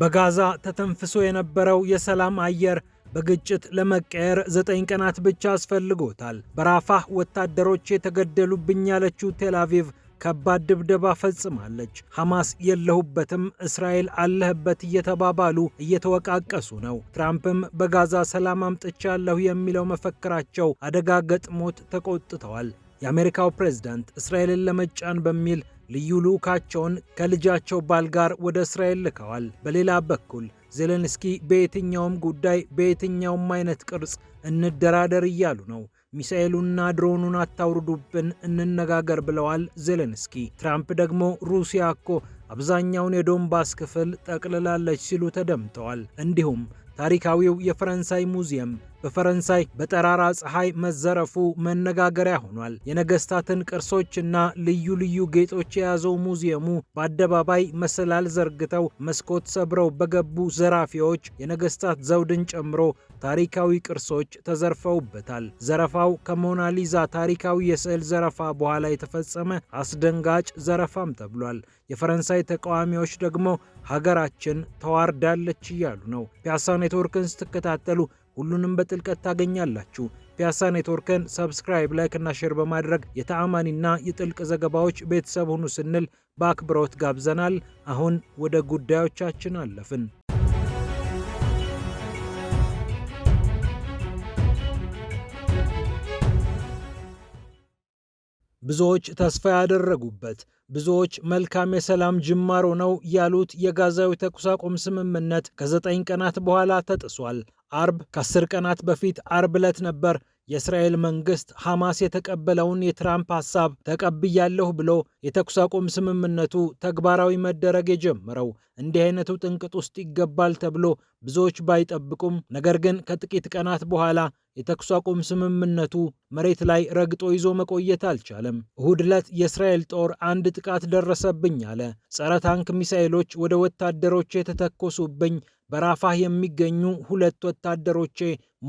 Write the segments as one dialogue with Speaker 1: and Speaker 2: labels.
Speaker 1: በጋዛ ተተንፍሶ የነበረው የሰላም አየር በግጭት ለመቀየር ዘጠኝ ቀናት ብቻ አስፈልጎታል። በራፋህ ወታደሮች የተገደሉብኝ ያለችው ቴልአቪቭ ከባድ ድብደባ ፈጽማለች። ሐማስ የለሁበትም እስራኤል አለህበት እየተባባሉ እየተወቃቀሱ ነው። ትራምፕም በጋዛ ሰላም አምጥቻለሁ የሚለው መፈክራቸው አደጋ ገጥሞት ተቆጥተዋል። የአሜሪካው ፕሬዝዳንት እስራኤልን ለመጫን በሚል ልዩ ልዑካቸውን ከልጃቸው ባል ጋር ወደ እስራኤል ልከዋል። በሌላ በኩል ዜሌንስኪ በየትኛውም ጉዳይ በየትኛውም አይነት ቅርጽ እንደራደር እያሉ ነው። ሚሳኤሉና ድሮኑን አታውርዱብን፣ እንነጋገር ብለዋል ዜሌንስኪ። ትራምፕ ደግሞ ሩሲያ እኮ አብዛኛውን የዶንባስ ክፍል ጠቅልላለች ሲሉ ተደምጠዋል። እንዲሁም ታሪካዊው የፈረንሳይ ሙዚየም በፈረንሳይ በጠራራ ፀሐይ መዘረፉ መነጋገሪያ ሆኗል። የነገስታትን ቅርሶችና ልዩ ልዩ ጌጦች የያዘው ሙዚየሙ በአደባባይ መሰላል ዘርግተው መስኮት ሰብረው በገቡ ዘራፊዎች የነገስታት ዘውድን ጨምሮ ታሪካዊ ቅርሶች ተዘርፈውበታል። ዘረፋው ከሞናሊዛ ታሪካዊ የስዕል ዘረፋ በኋላ የተፈጸመ አስደንጋጭ ዘረፋም ተብሏል። የፈረንሳይ ተቃዋሚዎች ደግሞ ሀገራችን ተዋርዳለች እያሉ ነው። ፒያሳ ኔትወርክን ስትከታተሉ ሁሉንም በጥልቀት ታገኛላችሁ። ፒያሳ ኔትወርክን ሰብስክራይብ፣ ላይክ እና ሼር በማድረግ የተአማኒና የጥልቅ ዘገባዎች ቤተሰብ ሁኑ ስንል በአክብሮት ጋብዘናል። አሁን ወደ ጉዳዮቻችን አለፍን። ብዙዎች ተስፋ ያደረጉበት ብዙዎች መልካም የሰላም ጅማሮ ነው ያሉት የጋዛዊ ተኩስ አቁም ስምምነት ከዘጠኝ ቀናት በኋላ ተጥሷል። አርብ ከአስር ቀናት በፊት አርብ ዕለት ነበር የእስራኤል መንግስት ሐማስ የተቀበለውን የትራምፕ ሐሳብ ተቀብያለሁ ብሎ የተኩስ አቁም ስምምነቱ ተግባራዊ መደረግ የጀመረው። እንዲህ አይነቱ ጥንቅጥ ውስጥ ይገባል ተብሎ ብዙዎች ባይጠብቁም፣ ነገር ግን ከጥቂት ቀናት በኋላ የተኩስ አቁም ስምምነቱ መሬት ላይ ረግጦ ይዞ መቆየት አልቻለም። እሁድ ዕለት የእስራኤል ጦር አንድ ጥቃት ደረሰብኝ አለ። ጸረ ታንክ ሚሳይሎች ወደ ወታደሮች የተተኮሱብኝ በራፋህ የሚገኙ ሁለት ወታደሮቼ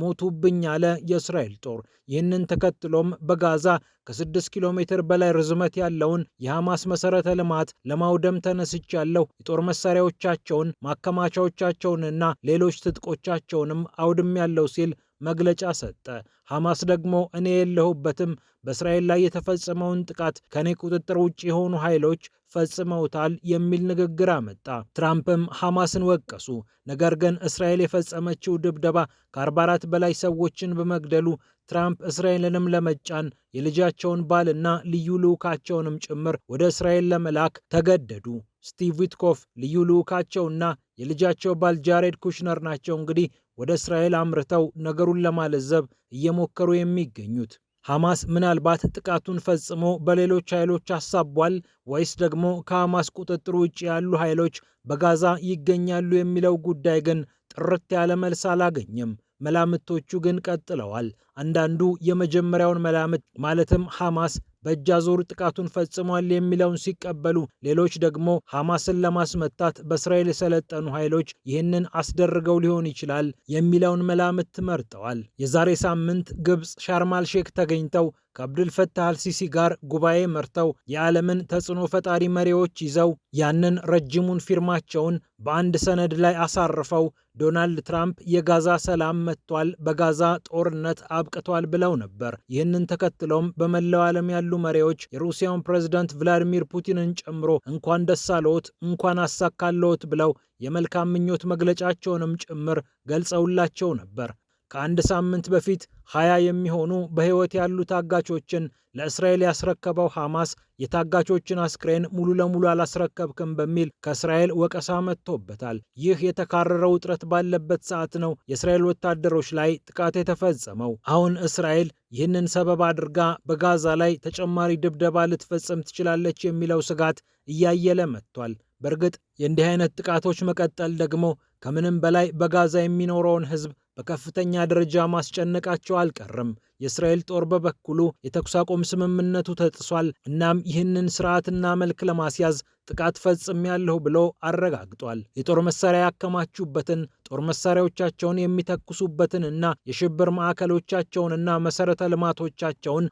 Speaker 1: ሞቱብኝ አለ የእስራኤል ጦር። ይህንን ተከትሎም በጋዛ ከ6 ኪሎ ሜትር በላይ ርዝመት ያለውን የሐማስ መሠረተ ልማት ለማውደም ተነስቻለሁ፣ የጦር መሳሪያዎቻቸውን ማከማቻዎቻቸውንና ሌሎች ትጥቆቻቸውንም አውድም ያለው ሲል መግለጫ ሰጠ። ሐማስ ደግሞ እኔ የለሁበትም፣ በእስራኤል ላይ የተፈጸመውን ጥቃት ከእኔ ቁጥጥር ውጭ የሆኑ ኃይሎች ፈጽመውታል የሚል ንግግር አመጣ። ትራምፕም ሐማስን ወቀሱ። ነገር ግን እስራኤል የፈጸመችው ድብደባ ከ44 በላይ ሰዎችን በመግደሉ ትራምፕ እስራኤልንም ለመጫን የልጃቸውን ባልና ልዩ ልዑካቸውንም ጭምር ወደ እስራኤል ለመላክ ተገደዱ። ስቲቭ ዊትኮፍ ልዩ ልዑካቸውና የልጃቸው ባል ጃሬድ ኩሽነር ናቸው እንግዲህ ወደ እስራኤል አምርተው ነገሩን ለማለዘብ እየሞከሩ የሚገኙት። ሐማስ ምናልባት ጥቃቱን ፈጽሞ በሌሎች ኃይሎች አሳቧል ወይስ ደግሞ ከሐማስ ቁጥጥር ውጭ ያሉ ኃይሎች በጋዛ ይገኛሉ የሚለው ጉዳይ ግን ጥርት ያለ መልስ አላገኘም። መላምቶቹ ግን ቀጥለዋል። አንዳንዱ የመጀመሪያውን መላምት ማለትም ሐማስ በእጅ አዙር ጥቃቱን ፈጽሟል የሚለውን ሲቀበሉ፣ ሌሎች ደግሞ ሐማስን ለማስመታት በእስራኤል የሰለጠኑ ኃይሎች ይህንን አስደርገው ሊሆን ይችላል የሚለውን መላምት መርጠዋል። የዛሬ ሳምንት ግብፅ ሻርማል ሼክ ተገኝተው ከአብዱልፈታህ አልሲሲ ጋር ጉባኤ መርተው የዓለምን ተጽዕኖ ፈጣሪ መሪዎች ይዘው ያንን ረጅሙን ፊርማቸውን በአንድ ሰነድ ላይ አሳርፈው ዶናልድ ትራምፕ የጋዛ ሰላም መጥቷል፣ በጋዛ ጦርነት አብቅቷል ብለው ነበር። ይህንን ተከትለውም በመላው ዓለም ያሉ ያሉ መሪዎች የሩሲያውን ፕሬዝዳንት ቭላዲሚር ፑቲንን ጨምሮ እንኳን ደስ አለዎት፣ እንኳን አሳካለዎት ብለው የመልካም ምኞት መግለጫቸውንም ጭምር ገልጸውላቸው ነበር። ከአንድ ሳምንት በፊት ሀያ የሚሆኑ በሕይወት ያሉ ታጋቾችን ለእስራኤል ያስረከበው ሐማስ የታጋቾችን አስክሬን ሙሉ ለሙሉ አላስረከብክም በሚል ከእስራኤል ወቀሳ መጥቶበታል። ይህ የተካረረ ውጥረት ባለበት ሰዓት ነው የእስራኤል ወታደሮች ላይ ጥቃት የተፈጸመው። አሁን እስራኤል ይህንን ሰበብ አድርጋ በጋዛ ላይ ተጨማሪ ድብደባ ልትፈጽም ትችላለች የሚለው ስጋት እያየለ መጥቷል። በእርግጥ የእንዲህ አይነት ጥቃቶች መቀጠል ደግሞ ከምንም በላይ በጋዛ የሚኖረውን ሕዝብ በከፍተኛ ደረጃ ማስጨነቃቸው አልቀርም። የእስራኤል ጦር በበኩሉ የተኩስ አቁም ስምምነቱ ተጥሷል፣ እናም ይህንን ስርዓትና መልክ ለማስያዝ ጥቃት ፈጽሜያለሁ ብሎ አረጋግጧል። የጦር መሳሪያ ያከማችሁበትን ጦር መሳሪያዎቻቸውን የሚተኩሱበትን እና የሽብር ማዕከሎቻቸውንና መሰረተ ልማቶቻቸውን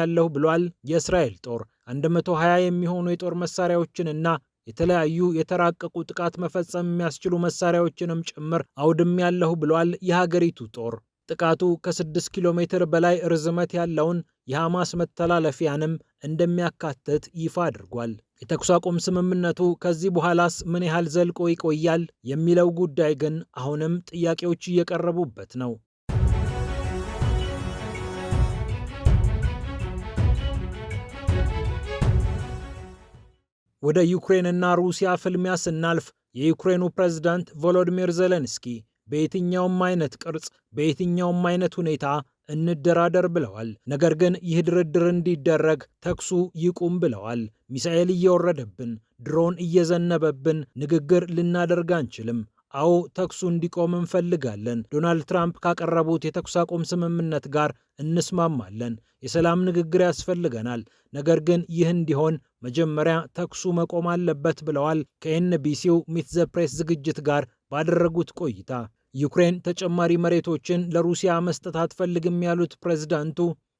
Speaker 1: ያለሁ ብሏል። የእስራኤል ጦር 120 የሚሆኑ የጦር መሳሪያዎችንና የተለያዩ የተራቀቁ ጥቃት መፈጸም የሚያስችሉ መሳሪያዎችንም ጭምር አውድም ያለሁ ብሏል የሀገሪቱ ጦር። ጥቃቱ ከ6 ኪሎ ሜትር በላይ ርዝመት ያለውን የሐማስ መተላለፊያንም እንደሚያካትት ይፋ አድርጓል። የተኩስ አቁም ስምምነቱ ከዚህ በኋላስ ምን ያህል ዘልቆ ይቆያል የሚለው ጉዳይ ግን አሁንም ጥያቄዎች እየቀረቡበት ነው። ወደ ዩክሬንና ሩሲያ ፍልሚያ ስናልፍ የዩክሬኑ ፕሬዝዳንት ቮሎዲሚር ዜሌንስኪ በየትኛውም አይነት ቅርጽ በየትኛውም አይነት ሁኔታ እንደራደር ብለዋል። ነገር ግን ይህ ድርድር እንዲደረግ ተኩሱ ይቁም ብለዋል። ሚሳኤል እየወረደብን፣ ድሮን እየዘነበብን ንግግር ልናደርግ አንችልም አዎ ተኩሱ እንዲቆም እንፈልጋለን። ዶናልድ ትራምፕ ካቀረቡት የተኩስ አቁም ስምምነት ጋር እንስማማለን። የሰላም ንግግር ያስፈልገናል። ነገር ግን ይህ እንዲሆን መጀመሪያ ተኩሱ መቆም አለበት ብለዋል። ከኤንቢሲው ሚት ዘ ፕሬስ ዝግጅት ጋር ባደረጉት ቆይታ ዩክሬን ተጨማሪ መሬቶችን ለሩሲያ መስጠት አትፈልግም ያሉት ፕሬዝዳንቱ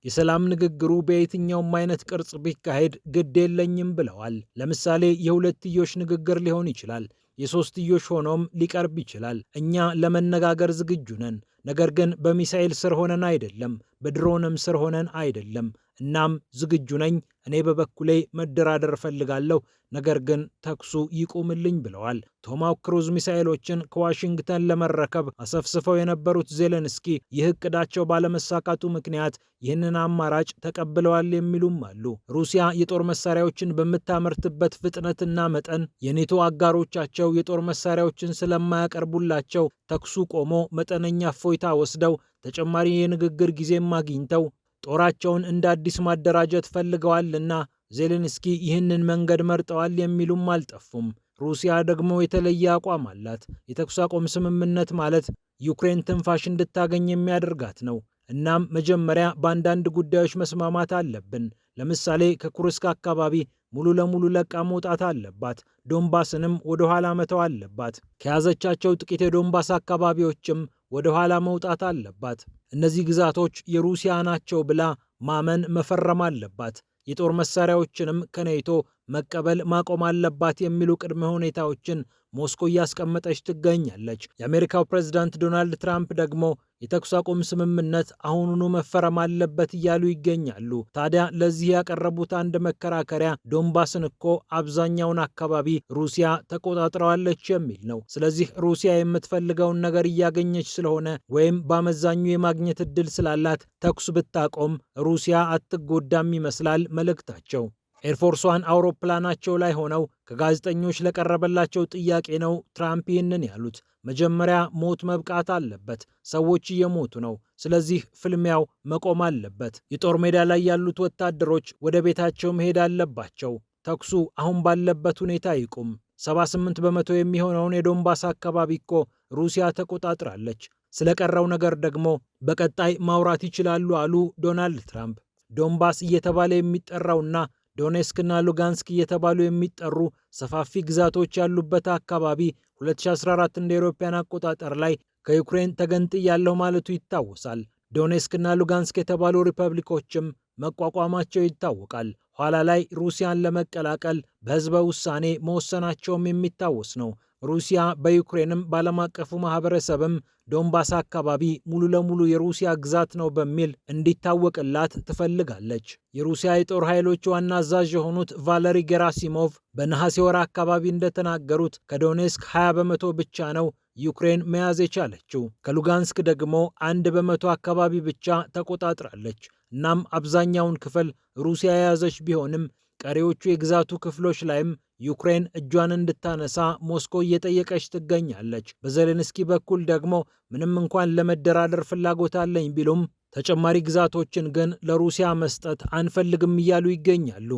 Speaker 1: የሰላም ንግግሩ በየትኛውም አይነት ቅርጽ ቢካሄድ ግድ የለኝም ብለዋል። ለምሳሌ የሁለትዮሽ ንግግር ሊሆን ይችላል። የሶስትዮሽ ሆኖም ሊቀርብ ይችላል። እኛ ለመነጋገር ዝግጁ ነን። ነገር ግን በሚሳኤል ስር ሆነን አይደለም፣ በድሮንም ስር ሆነን አይደለም። እናም ዝግጁ ነኝ፣ እኔ በበኩሌ መደራደር እፈልጋለሁ፣ ነገር ግን ተኩሱ ይቁምልኝ ብለዋል። ቶማሃውክ ክሩዝ ሚሳኤሎችን ከዋሽንግተን ለመረከብ አሰፍስፈው የነበሩት ዜሌንስኪ ይህ እቅዳቸው ባለመሳካቱ ምክንያት ይህንን አማራጭ ተቀብለዋል የሚሉም አሉ። ሩሲያ የጦር መሳሪያዎችን በምታመርትበት ፍጥነትና መጠን የኔቶ አጋሮቻቸው የጦር መሳሪያዎችን ስለማያቀርቡላቸው ተኩሱ ቆሞ መጠነኛ እፎይታ ወስደው ተጨማሪ የንግግር ጊዜም አግኝተው ጦራቸውን እንደ አዲስ ማደራጀት ፈልገዋልና ዜሌንስኪ ይህንን መንገድ መርጠዋል የሚሉም አልጠፉም። ሩሲያ ደግሞ የተለየ አቋም አላት። የተኩስ አቁም ስምምነት ማለት ዩክሬን ትንፋሽ እንድታገኝ የሚያደርጋት ነው። እናም መጀመሪያ በአንዳንድ ጉዳዮች መስማማት አለብን። ለምሳሌ ከኩርስክ አካባቢ ሙሉ ለሙሉ ለቃ መውጣት አለባት። ዶንባስንም ወደ ኋላ መተው አለባት። ከያዘቻቸው ጥቂት የዶንባስ አካባቢዎችም ወደ ኋላ መውጣት አለባት። እነዚህ ግዛቶች የሩሲያ ናቸው ብላ ማመን መፈረም አለባት። የጦር መሳሪያዎችንም ከኔቶ መቀበል ማቆም አለባት የሚሉ ቅድመ ሁኔታዎችን ሞስኮ እያስቀመጠች ትገኛለች። የአሜሪካው ፕሬዝዳንት ዶናልድ ትራምፕ ደግሞ የተኩስ አቁም ስምምነት አሁኑኑ መፈረም አለበት እያሉ ይገኛሉ። ታዲያ ለዚህ ያቀረቡት አንድ መከራከሪያ ዶንባስን እኮ አብዛኛውን አካባቢ ሩሲያ ተቆጣጥረዋለች የሚል ነው። ስለዚህ ሩሲያ የምትፈልገውን ነገር እያገኘች ስለሆነ ወይም በአመዛኙ የማግኘት እድል ስላላት ተኩስ ብታቆም ሩሲያ አትጎዳም ይመስላል መልእክታቸው። ኤርፎርስዋን አውሮፕላናቸው ላይ ሆነው ከጋዜጠኞች ለቀረበላቸው ጥያቄ ነው ትራምፕ ይህንን ያሉት። መጀመሪያ ሞት መብቃት አለበት። ሰዎች እየሞቱ ነው። ስለዚህ ፍልሚያው መቆም አለበት። የጦር ሜዳ ላይ ያሉት ወታደሮች ወደ ቤታቸው መሄድ አለባቸው። ተኩሱ አሁን ባለበት ሁኔታ ይቁም። 78 በመቶ የሚሆነውን የዶንባስ አካባቢ እኮ ሩሲያ ተቆጣጥራለች። ስለቀረው ነገር ደግሞ በቀጣይ ማውራት ይችላሉ አሉ ዶናልድ ትራምፕ። ዶንባስ እየተባለ የሚጠራውና ዶኔስክና ሉጋንስክ እየተባሉ የሚጠሩ ሰፋፊ ግዛቶች ያሉበት አካባቢ 2014 እንደ አውሮፓውያን አቆጣጠር ላይ ከዩክሬን ተገንጥያለሁ ማለቱ ይታወሳል። ዶኔስክና ሉጋንስክ የተባሉ ሪፐብሊኮችም መቋቋማቸው ይታወቃል። ኋላ ላይ ሩሲያን ለመቀላቀል በሕዝበ ውሳኔ መወሰናቸውም የሚታወስ ነው። ሩሲያ በዩክሬንም በዓለም አቀፉ ማህበረሰብም ዶንባስ አካባቢ ሙሉ ለሙሉ የሩሲያ ግዛት ነው በሚል እንዲታወቅላት ትፈልጋለች። የሩሲያ የጦር ኃይሎች ዋና አዛዥ የሆኑት ቫለሪ ጌራሲሞቭ በነሐሴ ወር አካባቢ እንደተናገሩት ከዶኔስክ 20 በመቶ ብቻ ነው ዩክሬን መያዝ የቻለችው፣ ከሉጋንስክ ደግሞ አንድ በመቶ አካባቢ ብቻ ተቆጣጥራለች። እናም አብዛኛውን ክፍል ሩሲያ የያዘች ቢሆንም ቀሪዎቹ የግዛቱ ክፍሎች ላይም ዩክሬን እጇን እንድታነሳ ሞስኮ እየጠየቀች ትገኛለች። በዘሌንስኪ በኩል ደግሞ ምንም እንኳን ለመደራደር ፍላጎት አለኝ ቢሉም ተጨማሪ ግዛቶችን ግን ለሩሲያ መስጠት አንፈልግም እያሉ ይገኛሉ።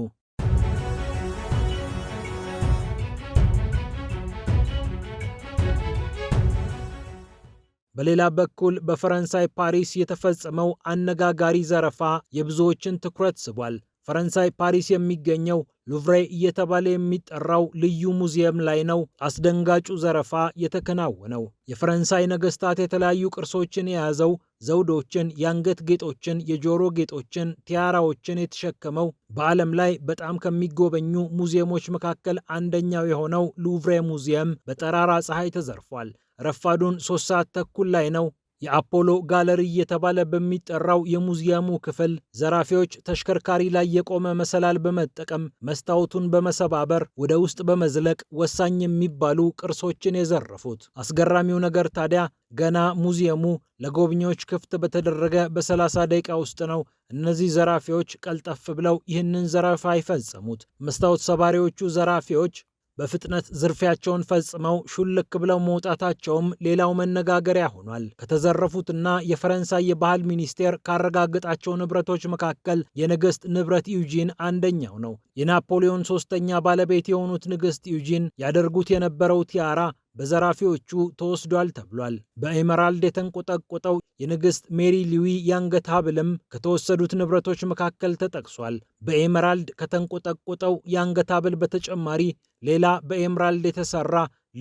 Speaker 1: በሌላ በኩል በፈረንሳይ ፓሪስ የተፈጸመው አነጋጋሪ ዘረፋ የብዙዎችን ትኩረት ስቧል። ፈረንሳይ ፓሪስ የሚገኘው ሉቭሬ እየተባለ የሚጠራው ልዩ ሙዚየም ላይ ነው አስደንጋጩ ዘረፋ የተከናወነው። የፈረንሳይ ነገስታት የተለያዩ ቅርሶችን የያዘው ዘውዶችን፣ የአንገት ጌጦችን፣ የጆሮ ጌጦችን፣ ቲያራዎችን የተሸከመው በዓለም ላይ በጣም ከሚጎበኙ ሙዚየሞች መካከል አንደኛው የሆነው ሉቭሬ ሙዚየም በጠራራ ፀሐይ ተዘርፏል። ረፋዱን ሶስት ሰዓት ተኩል ላይ ነው የአፖሎ ጋለሪ እየተባለ በሚጠራው የሙዚየሙ ክፍል ዘራፊዎች ተሽከርካሪ ላይ የቆመ መሰላል በመጠቀም መስታወቱን በመሰባበር ወደ ውስጥ በመዝለቅ ወሳኝ የሚባሉ ቅርሶችን የዘረፉት። አስገራሚው ነገር ታዲያ ገና ሙዚየሙ ለጎብኚዎች ክፍት በተደረገ በ30 ደቂቃ ውስጥ ነው እነዚህ ዘራፊዎች ቀልጠፍ ብለው ይህንን ዘረፋ አይፈጸሙት መስታወት ሰባሪዎቹ ዘራፊዎች በፍጥነት ዝርፊያቸውን ፈጽመው ሹልክ ብለው መውጣታቸውም ሌላው መነጋገሪያ ሆኗል። ከተዘረፉትና የፈረንሳይ የባህል ሚኒስቴር ካረጋገጣቸው ንብረቶች መካከል የንግሥት ንብረት ዩጂን አንደኛው ነው። የናፖሊዮን ሶስተኛ ባለቤት የሆኑት ንግሥት ዩጂን ያደርጉት የነበረው ቲያራ በዘራፊዎቹ ተወስዷል ተብሏል። በኤመራልድ የተንቆጠቆጠው የንግሥት ሜሪ ሊዊ የአንገት ሀብልም ከተወሰዱት ንብረቶች መካከል ተጠቅሷል። በኤመራልድ ከተንቆጠቆጠው የአንገት ሀብል በተጨማሪ ሌላ በኤመራልድ የተሰራ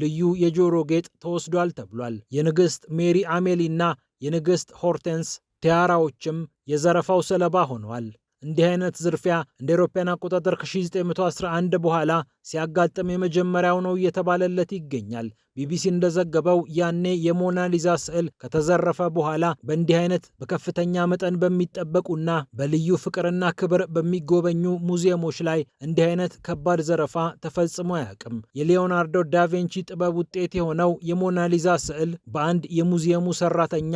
Speaker 1: ልዩ የጆሮ ጌጥ ተወስዷል ተብሏል። የንግሥት ሜሪ አሜሊ እና የንግሥት ሆርቴንስ ቲያራዎችም የዘረፋው ሰለባ ሆነዋል። እንዲህ አይነት ዝርፊያ እንደ አውሮፓውያን አቆጣጠር ከ1911 በኋላ ሲያጋጥም የመጀመሪያው ነው እየተባለለት ይገኛል። ቢቢሲ እንደዘገበው ያኔ የሞናሊዛ ስዕል ከተዘረፈ በኋላ በእንዲህ አይነት በከፍተኛ መጠን በሚጠበቁና በልዩ ፍቅርና ክብር በሚጎበኙ ሙዚየሞች ላይ እንዲህ አይነት ከባድ ዘረፋ ተፈጽሞ አያውቅም። የሊዮናርዶ ዳቬንቺ ጥበብ ውጤት የሆነው የሞናሊዛ ስዕል በአንድ የሙዚየሙ ሰራተኛ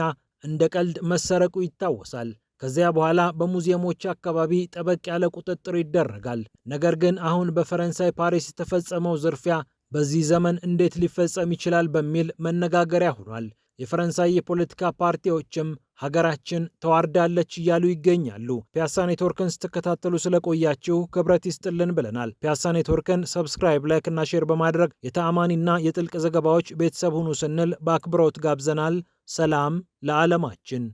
Speaker 1: እንደ ቀልድ መሰረቁ ይታወሳል። ከዚያ በኋላ በሙዚየሞች አካባቢ ጠበቅ ያለ ቁጥጥር ይደረጋል። ነገር ግን አሁን በፈረንሳይ ፓሪስ የተፈጸመው ዝርፊያ በዚህ ዘመን እንዴት ሊፈጸም ይችላል በሚል መነጋገሪያ ሆኗል። የፈረንሳይ የፖለቲካ ፓርቲዎችም ሀገራችን ተዋርዳለች እያሉ ይገኛሉ። ፒያሳ ኔትወርክን ስትከታተሉ ስለቆያችሁ ክብረት ይስጥልን ብለናል። ፒያሳ ኔትወርክን ሰብስክራይብ፣ ላይክ እና ሼር በማድረግ የተአማኒና የጥልቅ ዘገባዎች ቤተሰብ ሁኑ ስንል በአክብሮት ጋብዘናል። ሰላም ለዓለማችን።